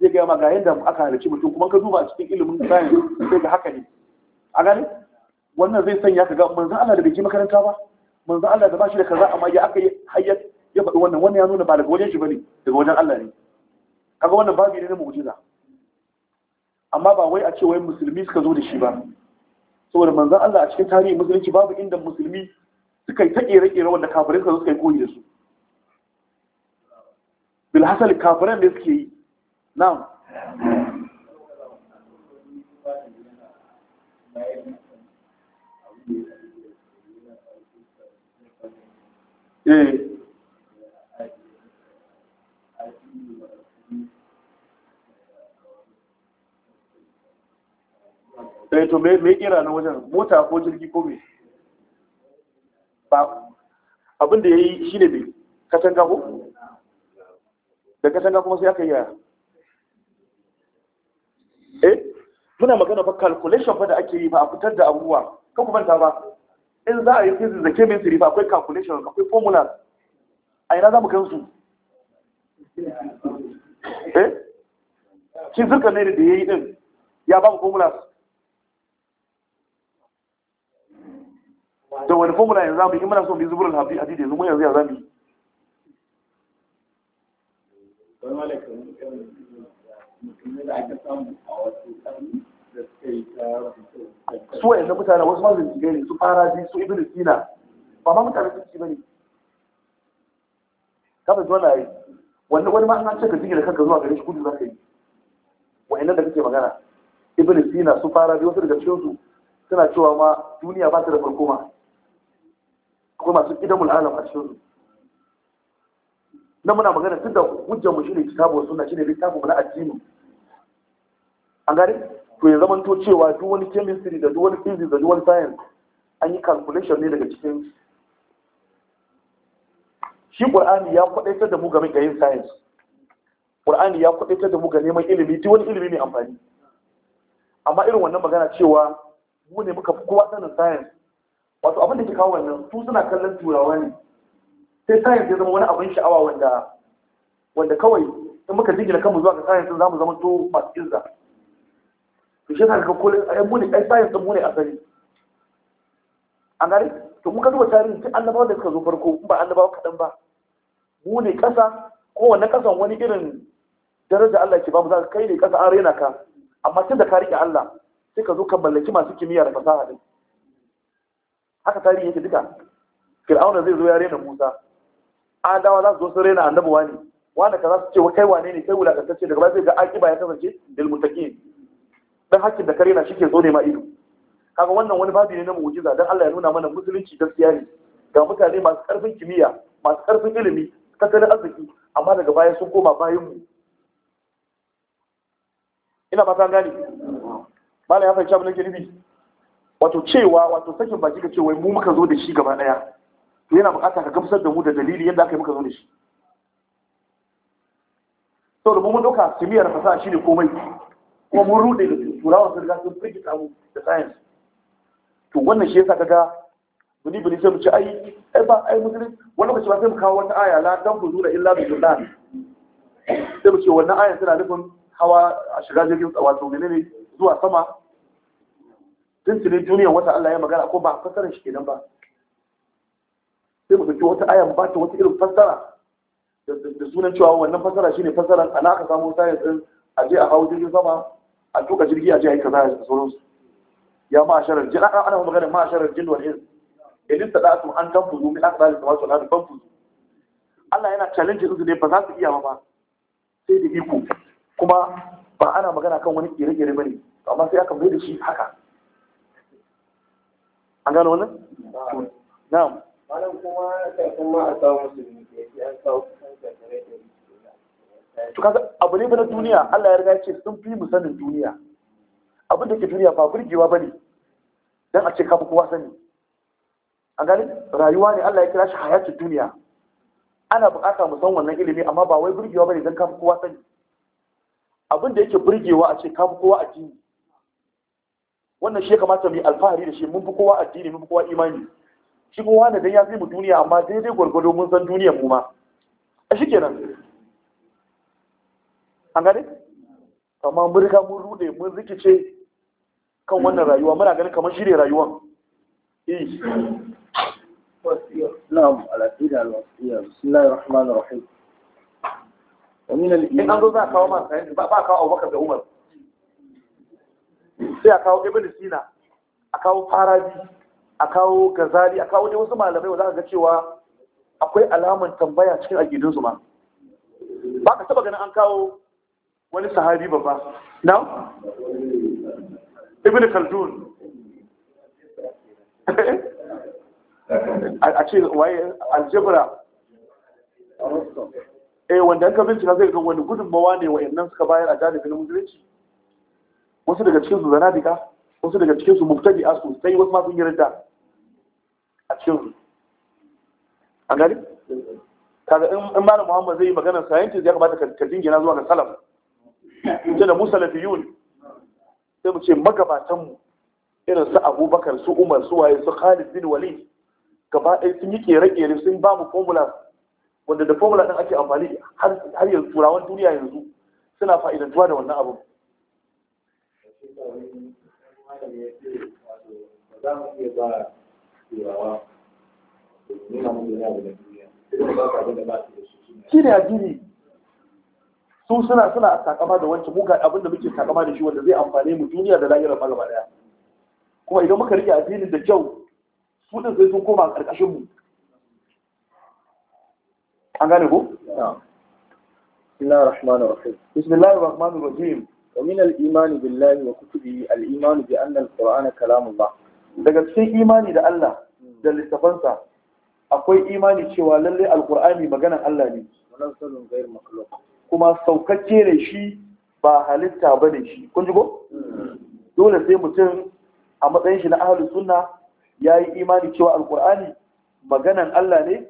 zai gaya ma ga yadda aka halarci mutum kuma ka duba a cikin ilimin sayan sai ga haka ne a gane wannan zai sanya ka ga manzan Allah da bai je makaranta ba manzan Allah da bashi da kaza amma ya aka hayyar ya faɗi wannan wannan ya nuna ba daga wajen shi bane daga wajen Allah ne kaga wannan babu ne na mu'jiza amma ba wai a ce wai musulmi suka zo da shi ba saboda manzan Allah a cikin tarihi musulunci babu inda musulmi suka yi ta ƙere-ƙere wanda kafirai suka suka yi koyi da su bilhassal kafiran da suke yi na'am eh, eh to me kira na wajen mota ko jirgi ko mai abin da ya yi shi ne mai ko da katanga kuma sai aka yi yaya eh muna magana fa calculation fa da ake yi ba a fitar da abubuwa kan kuma ta ba in za a yi fizin da chemistry fa akwai calculation akwai formula a ina za mu kansu eh shi zirka ne da ya yi din ya ba mu formulas da wani fomula yanzu zamu yi in muna so bi zuburul hadith hadith yanzu mu yanzu ya zamu yi don malakin da wasu kan Su suka su mutane wasu mazin jigai ne su faraji su ibn sina ba ma mutane su ci bane kafa zuwa na yi wani wani ma an ce ka jigila kanka zuwa gare shi kudu za ka yi da kake magana ibn sina su faraji wasu daga cikin suna cewa ma duniya ba ta da farko ma Ko masu mu alam a cikin su nan muna magana tunda hujjar mu shine kitabu sunna shine littafin mu na addini an gari to ya zama to cewa duk wani chemistry da duk wani physics da duk wani science an yi calculation ne daga cikin shi qur'ani ya kwadaitar da mu game da yin science qur'ani ya kwadaitar da mu ga neman ilimi duk wani ilimi mai amfani amma irin wannan magana cewa mu ne muka fi kowa sanin science wato abin da ke kawo wannan su suna kallon turawa ne sai science ya zama wani abin sha'awa wanda wanda kawai in muka jingina kanmu zuwa ga science za mu zama to masu izza to shi ka kullum ai mu ne ai science mu ne asali an gare? to muka duba tarihi tun annabawa da suka zo farko in ba annabawa kaɗan ba mu ne ƙasa kowanne ƙasan wani irin daraja Allah ke ba mu za ka kai ne ƙasa an rena ka amma tun da ka riƙe Allah sai ka zo ka mallaki masu kimiyya da fasaha din haka tarihi yake duka fir'auna zai zo ya rena musa dawa za su zo su rena annabi ne. wanda ka za su ce wa kai wane ne kai wulakantacce daga baya zai ga akiba ya kasance dil mutaqin dan hakkin da ka rena shi ke zo ne ma ido kaga wannan wani babi ne na mu'jiza dan Allah ya nuna mana musulunci gaskiya ne ga mutane masu karfin kimiyya masu karfin ilimi tattalin arziki amma daga baya sun koma bayan mu ina fata gani malam ya fahimci abin da ke nufi wato cewa wato sakin baki ka ce wai mu muka zo da shi gaba daya to yana bukata ka gamsar da mu da dalili yadda aka yi muka zo da shi to da mun dauka kimiyyar fasaha shine komai kuma mun rude da turawa sun riga sun firgita tsamu da science to wannan shi yasa kaga buni-buni sai mu ci ai ai ba ai musulmi wani lokaci ba sai mu kawo wata aya la dan zura illa billah sai mu ce wannan aya tana nufin hawa a shiga jirgin to menene zuwa sama tuntuni duniyar wata Allah ya magana ko ba a fasarar shi kenan ba sai mu ɗauki wata ayan ba ta wata irin fasara da sunan cewa wannan fasara shine fasaran ana aka samu sayar din a je a hau jirgin sama a tuka jirgi a je a yi kaza da sauransu ya ma sharar jin ana ana magana ma sharar jin wani ins idan ta da'atum an tanfuzu min aqdal samawati wal ardi fanfuzu Allah yana challenge su ne ba za su iya ba sai da iko kuma ba ana magana kan wani kire-kire bane amma sai aka mai da shi haka an gano wannan na'am malam kuma ma a samu musulmi an kusan da to kaga abu ne na duniya Allah ya riga ya ce sun fi mu sanin duniya abin da ke duniya ba burgewa bane dan a ce ka fi kowa sani an gani rayuwa ne Allah ya kira shi hayatu duniya ana bukata mu san wannan ilimi amma ba wai burgewa bane dan ka fi kowa sani abin da yake burgewa a ce ka fi kowa jini. wannan shi ya kamata mu yi alfahari da shi mun fi kowa addini mun fi kowa imani shi kowa da dan ya fi mu duniya amma daidai gwargwado mun san duniyar mu ma a shi kenan an gane amma mun riga mun rude mun rikice kan wannan rayuwa muna ganin kamar shi ne rayuwan eh na'am al-aqida al-wasiyya bismillahir rahmanir wa min al an zo za kawo ma ba kawo Abubakar da Umar sai a kawo ibn sina a kawo farabi a kawo gazali a kawo wasu malamai wanda za ga cewa akwai alaman tambaya cikin aƙidinsu ma ba ka taba ganin an kawo wani sahabi babba na ibn khaldun (laughs) a ce waye aljibra eh wanda ka bincika zai ga wani gudunmawa ne wa'annan suka bayar a jami'in musulunci wasu daga cikin su zanadika wasu daga cikin su mubtadi'a sai wasu ma sun yi a cikin su a gari kaga in malam muhammad zai yi magana sayanci ya kamata ka dingina zuwa ga salam ce da musa lafiyun sai mu ce magabatanmu irin su abubakar su umar su waye su khalid bin wali, gaba ɗaya sun yi kere-kere sun ba mu formula wanda da formula ɗin ake amfani har yanzu turawan duniya yanzu suna fa'idantuwa da wannan abin shi ne addini su suna suna takama da wancan muka abin da muke takama da shi wanda zai amfane mu duniya da lahirar magaba daya kuma idan muka rike addinin da kyau su ɗin sai sun koma ƙarƙashin mu an gane ku? Bismillahir Rahmanir Rahim. ومن الإيمان بالله وكتبه الإيمان بأن القرآن كلام الله daga cikin imani da Allah da littafansa akwai imani cewa lalle alqur'ani maganan Allah ne munazalun ghayr makhluq kuma saukacce ne shi ba halitta bane shi kun ji ko dole sai mutum a matsayin shi na ahlus sunna yayi imani cewa alqur'ani maganan Allah ne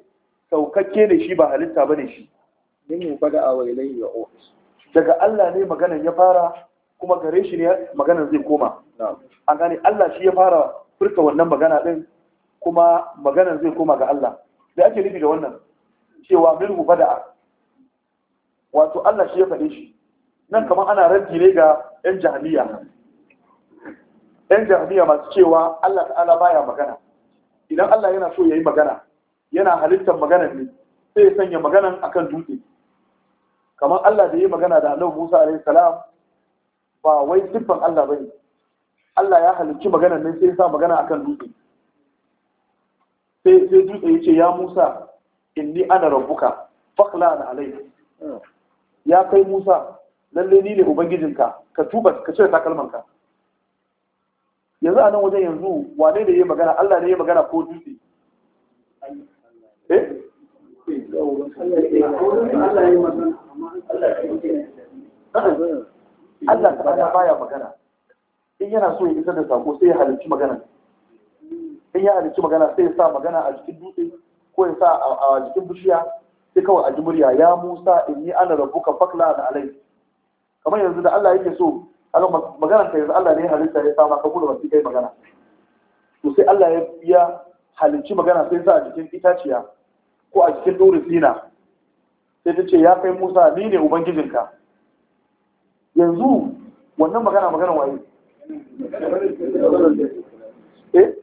saukacce ne shi ba halitta bane shi min bada'a wa ilayhi ya'ud daga Allah ne maganan ya fara kuma gare shi ne maganan zai koma an gane Allah shi ya fara furta wannan magana din kuma maganan zai koma ga Allah da ake nufi da wannan cewa minhu bada'a wato Allah shi ya faɗe shi nan kamar ana raddi ne ga 'yan jahiliya 'yan jahiliya masu cewa Allah ta'ala baya magana idan Allah yana so ya yi magana yana halittar maganar ne sai ya sanya maganan akan dutse kamar Allah da yi magana da Annabi Musa alaihi salam ba wai siffan Allah bane Allah ya halicci maganar nan sai ya sa magana akan dutse sai sai dutse yace ya Musa inni ana rabbuka faqla alayhi ya kai Musa lalle ni ne ubangijinka ka tuba ka cire takalmanka yanzu a nan wajen yanzu wane ne ya magana Allah ne ya magana ko dutse eh Allah ta'ala baya magana in yana so ya isar da sako sai ya halicci magana in ya halicci magana sai ya sa magana a jikin dutse ko ya sa a jikin bishiya sai kawai a ji murya ya Musa in yi ana rabbuka fakla da alai kamar yanzu da Allah yake so kaga maganar ka yanzu Allah ne ya halitta ya sa maka kuma wasi kai magana to sai Allah ya halicci magana sai ya sa a jikin itaciya ko a jikin ɗorin sina sai ta ce ya kai musa ni ne ubangijinka yanzu wannan magana magana waye eh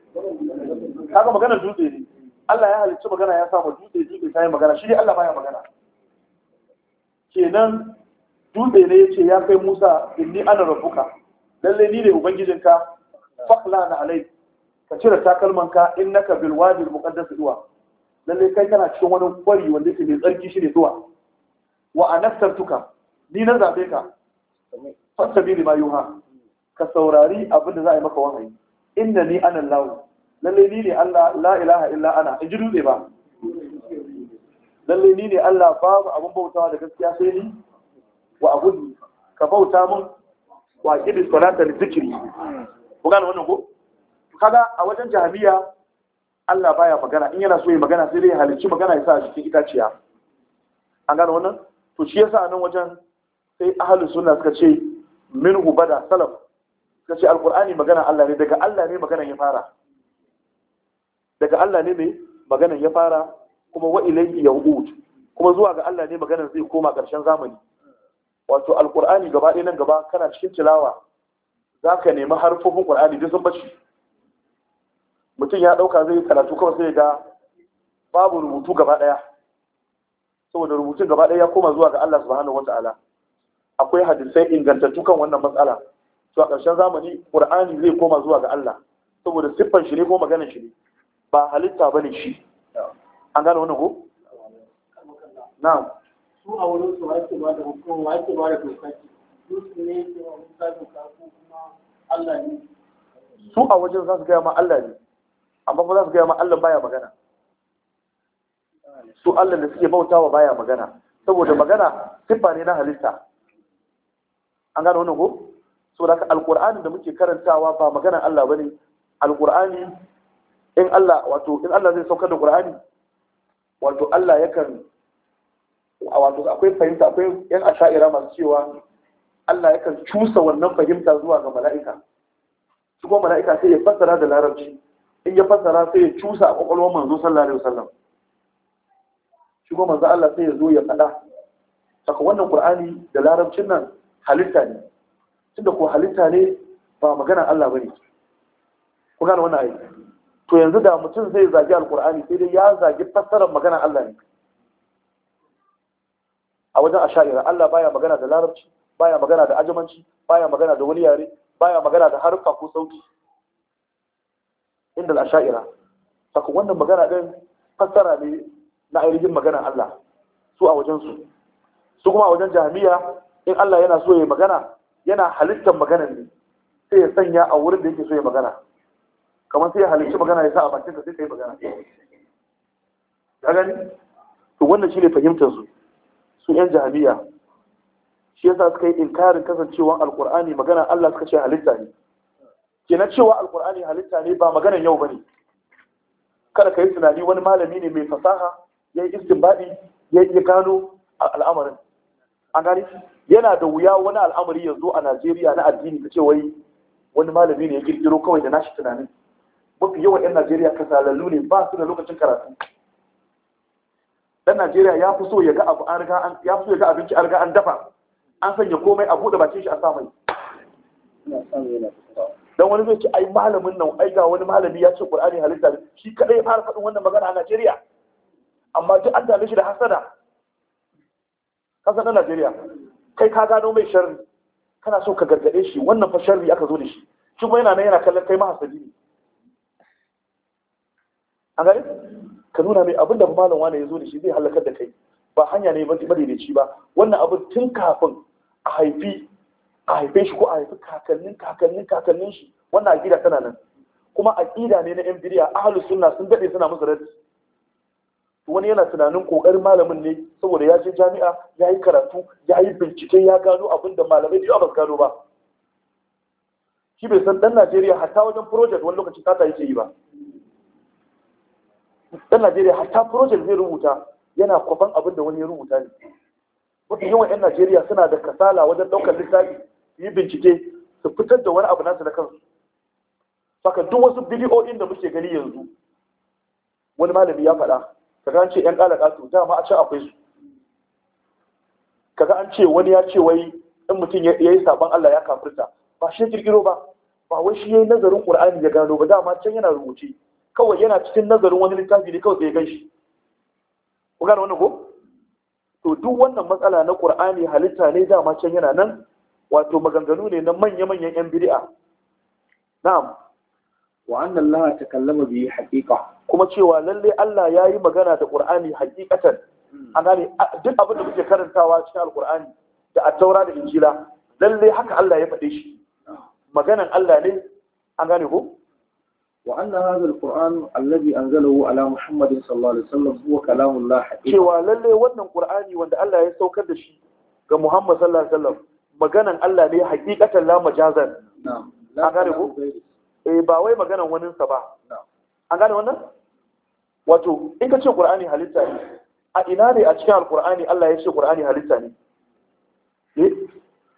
kaga magana dutse ne Allah ya halicci magana ya samu dutse dutse ta yi magana shi dai Allah baya magana kenan dutse ne ya ce ya kai musa inni ana rabbuka lalle ni ne ubangijinka fakla na alai ka cire takalmanka innaka bil wadi al muqaddas duwa lalle kai kana cikin wani kwari wanda yake mai tsarki shi ne zuwa wa a anastartuka ni na zabe ka fastabi lima yuha ka saurari abin da za a yi maka wahayi inna ni ana lawo lalle ni ne Allah la ilaha illa ana in ji dutse ba lalle ni ne Allah babu abin bautawa da gaskiya sai ni wa abudu ka bauta mun wa kibis salata li zikiri. ku gane wannan ko kaga a wajen jami'a. Allah baya magana in yana so yi magana sai dai halicci magana ya sa a cikin itaciya an gane wannan to shi yasa nan wajen sai ahlus sunna suka ce min hubada, salaf suka ce alqur'ani magana Allah ne daga Allah ne magana ya fara daga Allah ne mai magana ya fara kuma wa ilayhi yaud kuma zuwa ga Allah ne magana zai koma ƙarshen zamani wato alqur'ani gaba ɗaya nan gaba kana cikin tilawa zaka nemi harfofin qur'ani duk sun bace mutum ya ɗauka zai yi karatu kawai sai ga babu rubutu gaba ɗaya saboda rubutun gaba ɗaya ya koma zuwa ga Allah subhanahu wata'ala akwai hadisai ingantattu kan wannan matsala to a ƙarshen zamani Qur'ani zai koma zuwa ga Allah saboda siffan shi ne ko maganar shi ne ba halitta bane shi an gane wannan ko na'am su a wurin su su ba da hukum su ba da dokaci su ne ke wa musa doka ko kuma Allah ne su a wajen za su gaya ma Allah ne amma ba za su gaya ma Allah baya magana su Allah da suke bautawa baya magana saboda magana siffa ne na halitta an gano wannan ko so da alqur'ani da muke karantawa ba magana Allah bane alqur'ani in Allah wato in Allah zai saukar da qur'ani wato Allah yakan wato akwai fahimta akwai yan asha'ira masu cewa Allah yakan cusa wannan fahimta zuwa ga mala'ika su kuma mala'ika sai ya fassara da larabci in ya fassara sai ya cusa a kwakwalwar manzo sallallahu alaihi wasallam shi kuma manzo Allah sai ya zo ya faɗa saka wannan Qur'ani da larabcin nan halitta ne tunda ko halitta ne ba magana Allah bane ku gane wannan ayi to yanzu da mutum zai zagi alqur'ani sai dai ya zagi fassarar magana Allah ne a wajen asha'ira Allah baya magana da larabci baya magana da ajamanci baya magana da wani yare baya magana da harka ko sauti inda al'asha'ira saka wannan magana ɗin fassara ne na ainihin magana Allah su a wajensu su kuma a wajen jami'a in Allah yana so ya magana yana halittar magana ne sai ya sanya a wurin da yake so ya magana kamar sai ya halicci magana ya sa a bakin ka sai ka yi magana ka gani to wannan ne fahimtar su su yan jami'a shi yasa suka yi inkarin kasancewar alqur'ani magana Allah suka ce halitta ne kenan cewa alkur'ani halitta ne ba maganar yau bane kada ka yi tunani wani malami ne mai fasaha ya yi istinbadi ya gano al'amarin an gani yana da wuya wani al'amari yanzu a Najeriya na addini ta ce wai wani malami ne ya kirkiro kawai da nashi tunanin mafi yawan 'yan Najeriya kasalallu ne ba su da lokacin karatu dan Najeriya ya fi so ya ga abu an an ya fi so ya ga abinci an riga an dafa an sanya komai a buɗe bakin shi a sa mai dan wani zai ce ai malamin nan ai ga wani malami ya ce qur'ani halitta shi kadai ya fara faɗin wannan magana a Najeriya amma duk an dame shi da hasada kasa na Najeriya kai ka gano mai sharri kana so ka gargade shi wannan fa sharri aka zo da shi shi kuma yana nan yana kallon kai hasadi ne an gani ka nuna mai abinda da malam wani ya zo da shi zai halakar da kai ba hanya ne madaidaici ba wannan abin tun kafin a haifi a haife shi ko a haifi kakannin kakannin kakannin shi wannan aƙida tana nan kuma aƙida ne na 'yan biriya ahalus suna sun daɗe suna musu raddi wani yana tunanin ƙoƙarin malamin ne saboda ya je jami'a ya yi karatu ya yi bincike ya gano abin da malamai biyu ba su gano ba shi bai san ɗan najeriya hatta wajen project wani lokaci kata yake yi ba ɗan najeriya hatta project zai rubuta yana kwafan abin da wani ya rubuta ne mafi yawan 'yan najeriya suna da kasala wajen ɗaukar littafi yi bincike su fitar da wani abu nasu na kansu saka duk wasu bidiyoyin da muke gani yanzu wani malami ya faɗa kaga an ce yan ƙalaƙa su dama a can akwai su kaga an ce wani ya ce wai in mutum ya yi sabon Allah ya kafirta ba shi kirkiro ba ba wai shi yayi nazarin Qur'ani ya gano ba dama can yana rubuce kawai yana cikin nazarin wani littafi ne kawai sai ya ganshi ku gane wannan ko to duk wannan matsala na Qur'ani halitta ne dama can yana nan wato maganganu ne na manya-manyan 'yan bid'a na'am wa anna Allah takallama bihi haƙiƙa. kuma cewa lalle Allah yayi magana da Qur'ani haqiqatan hmm. an gane duk abin da muke karantawa cikin Al-Qur'ani da at da Injila lalle haka Allah ya faɗe shi maganan Allah ne an gane ko وأن هذا القرآن الذي أنزله على محمد صلى الله عليه وسلم هو كلام الله حقيقة. شوى للي ودن القرآن وأن الله يستوكل شيء كمحمد صلى الله عليه وسلم maganan Allah ne hakikatan la majazan an gane ko eh ba wai maganan wanin sa ba an gane wannan wato in ka ce qur'ani halitta ne a ina ne a cikin alqur'ani Allah ya ce qur'ani halitta ne eh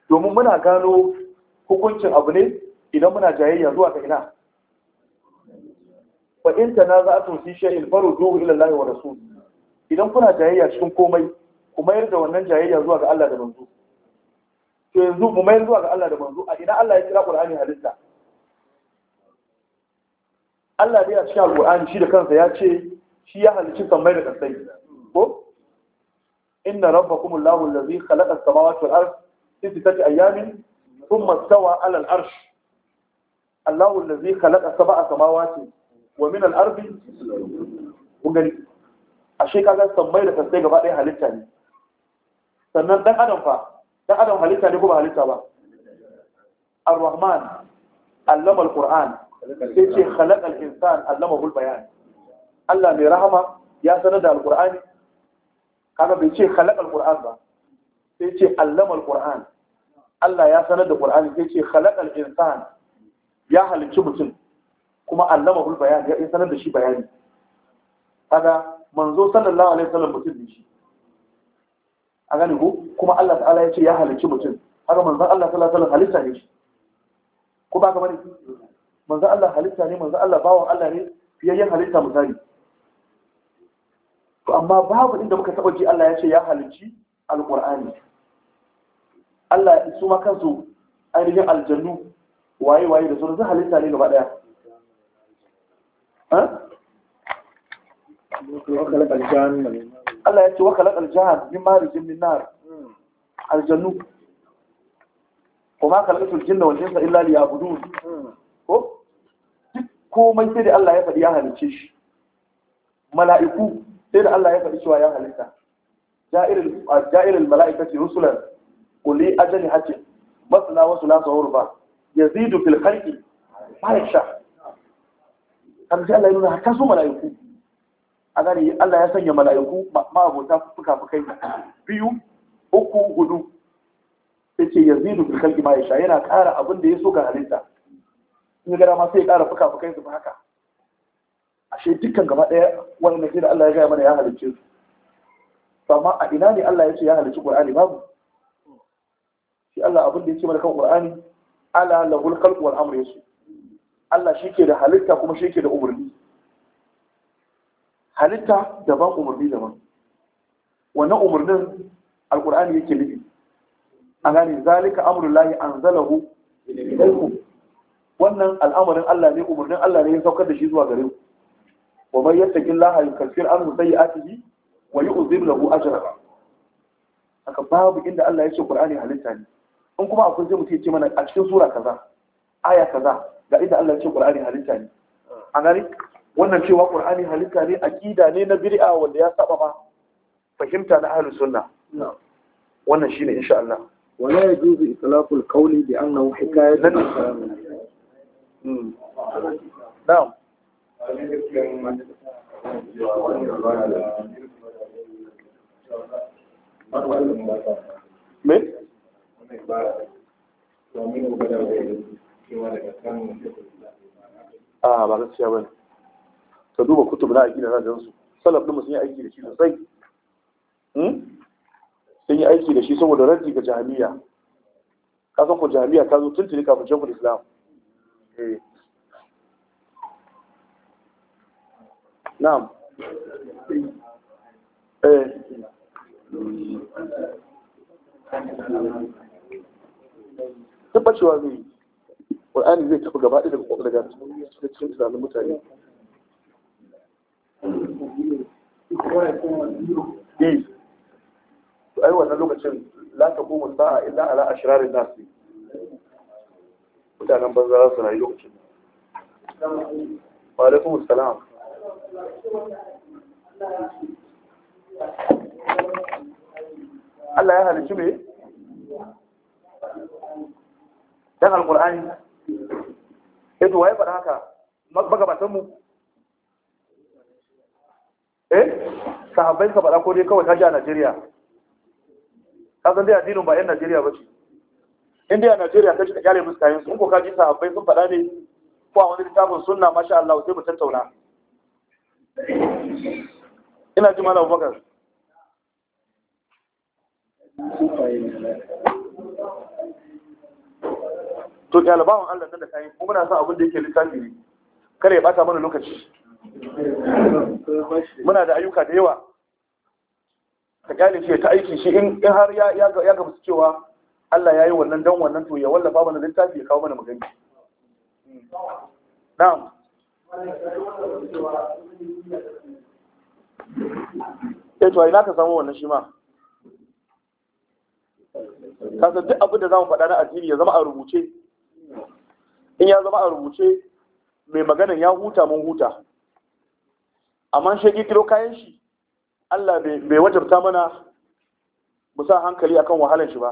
domin muna gano hukuncin abu ne idan muna jayayya zuwa ga ina wa in tanaza'tum fi shay'in farudduhu ila Allah wa rasul idan kuna jayayya cikin komai ku mayar da wannan jayayya zuwa ga Allah da manzo to yanzu mu mayar zuwa ga Allah da manzo a ina Allah ya kira Qur'ani halitta Allah dai a cikin Qur'ani shi da kansa ya ce shi ya halicci sammai da kasai ko inna rabbakum Allahu allazi khalaqa as-samawati wal ard fi sittati ayamin thumma stawa 'ala al-arsh Allahu allazi khalaqa sab'a samawati wa min al-ardi ungani ashe kaga sammai da kasai gaba ɗaya halitta ne sannan dan adam fa dan adam halitta ne ko ba halitta ba ar-rahman allama al-qur'an sai ce khalaqa al-insan allama al-bayan Allah mai rahama ya sanar da al-qur'ani kaga bai ce khalaqa al-qur'an ba sai ce allama al-qur'an Allah ya sanar da qur'ani sai ce khalaqa al-insan ya halicci mutum kuma allama al-bayan ya sanar da shi bayani kaga manzo sallallahu alaihi wasallam mutum ne shi a gane ko kuma Allah ta'ala ya ce ya halicci mutum haka manzan Allah ta alaihi halitta ne shi ko ba ka bane Manzan Allah halitta ne manzan Allah bawon Allah ne fiye yin halitta misali to amma babu inda muka taɓa ji Allah ya ce ya halicci alƙur'ani Allah su ma kansu ainihin aljannu waye waye da sauran halitta ne gaba daya ha? Lokacin ne. Allah ya ce wa khalaqal jahanna min marijin min nar aljannu kuma khalaqatul jinna wal insa illa liya'budun ko duk komai sai da Allah ya faɗi ya halice shi mala'iku sai da Allah ya faɗi cewa ya halitta ja'irul ja'irul mala'ikati rusulan quli ajli hajji masna wa sulasa urba yazidu fil khalqi ma yasha kan sai Allah ya nuna hatta su mala'iku a gani Allah ya sanya mala'iku ma'abota fuka fukai biyu uku hudu Ya ce yazidu fil khalqi ya sha. yana ƙara abin da ya so ga halitta in ga dama sai ya ƙara fuka fuka su haka ashe dukkan gaba ɗaya wani sai da Allah ya gaya mana ya halicce su amma a ina ne Allah ya ce ya halicci Qur'ani babu shi Allah abin da ya ce mana kan Qur'ani ala lahul khalqu wal amru yasu Allah shi ke da halitta kuma shi ke da umarni halitta da ba umarni da ba wannan umarnin alkur'ani yake nufi a gani zalika amrullahi anzalahu ilaykum wannan al'amarin Allah ne umarnin Allah ne ya saukar da shi zuwa gare ku wa an yattaqillaha yukaffir anhu sayyi'atihi wa yi yu'dhib a ajra haka babu inda Allah ya ce kur'ani halitta ne in kuma akwai zai mutu ya ce mana a cikin sura kaza aya kaza ga inda Allah ya ce kur'ani halitta ne a gani wannan cewa ƙur'ani halitta ne ƙida ne na biri'a wanda ya saba ma fahimta na ahlus sunna wannan shine insha Allah wala yajuzu itlaqul qawli bi annahu hikayatun hmm. na'am me a ah, ba ba bane ka duba kutub na da na gansu salaf ɗin sun yi aiki da shi sosai hmm? sun yi aiki da shi saboda raddi ga jami'a ka ku jami'a ta zo tuntuni kafin shekul islam eh. na'am eh tabbacewa zai ƙur'ani zai tafi gaba ɗaya daga cikin tunanin mutane eh to ai wannan lokacin la koma sa'a illa ala ashrarin nas mutanen banza za su rayu lokacin wa alaikum assalam Allah ya halicci me dan alqur'ani eh to waye faɗa haka magabatan mu sahabbai suka faɗa ko dai kawai ka ji a Najeriya ka san dai addinin ba 'yan Najeriya ba ce in dai a Najeriya ta ji ka kyale musu su in ko ka ji sahabbai sun faɗa ne ko a wani littafin sunna masha Allah sai mu tattauna ina ji malam Abubakar to ɗalibawan Allah nan da kayan kuma na san abin da yake littafi ne kare ya bata mana lokaci muna da ayyuka da yawa ka kyale shi ta aiki shi in har ya gaba su cewa Allah ya yi wannan dan wannan to ya wallafa mana littafi ya kawo mana magani na'am eh ina ka samu wannan shi ma ka abin da mu faɗa na addini ya zama a rubuce in ya zama a rubuce mai maganin ya huta mun huta amma shi kiro kayan shi Allah bai wajabta mana mu sa hankali akan wahalan shi ba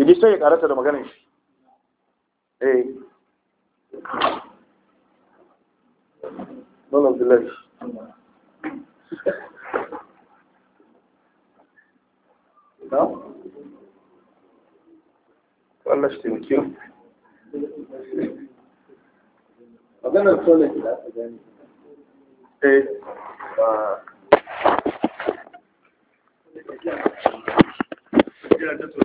idan sai ya karanta da maganar shi eh Malam Abdullahi Allah shi taimake mu maganar tole da aka gani eh ba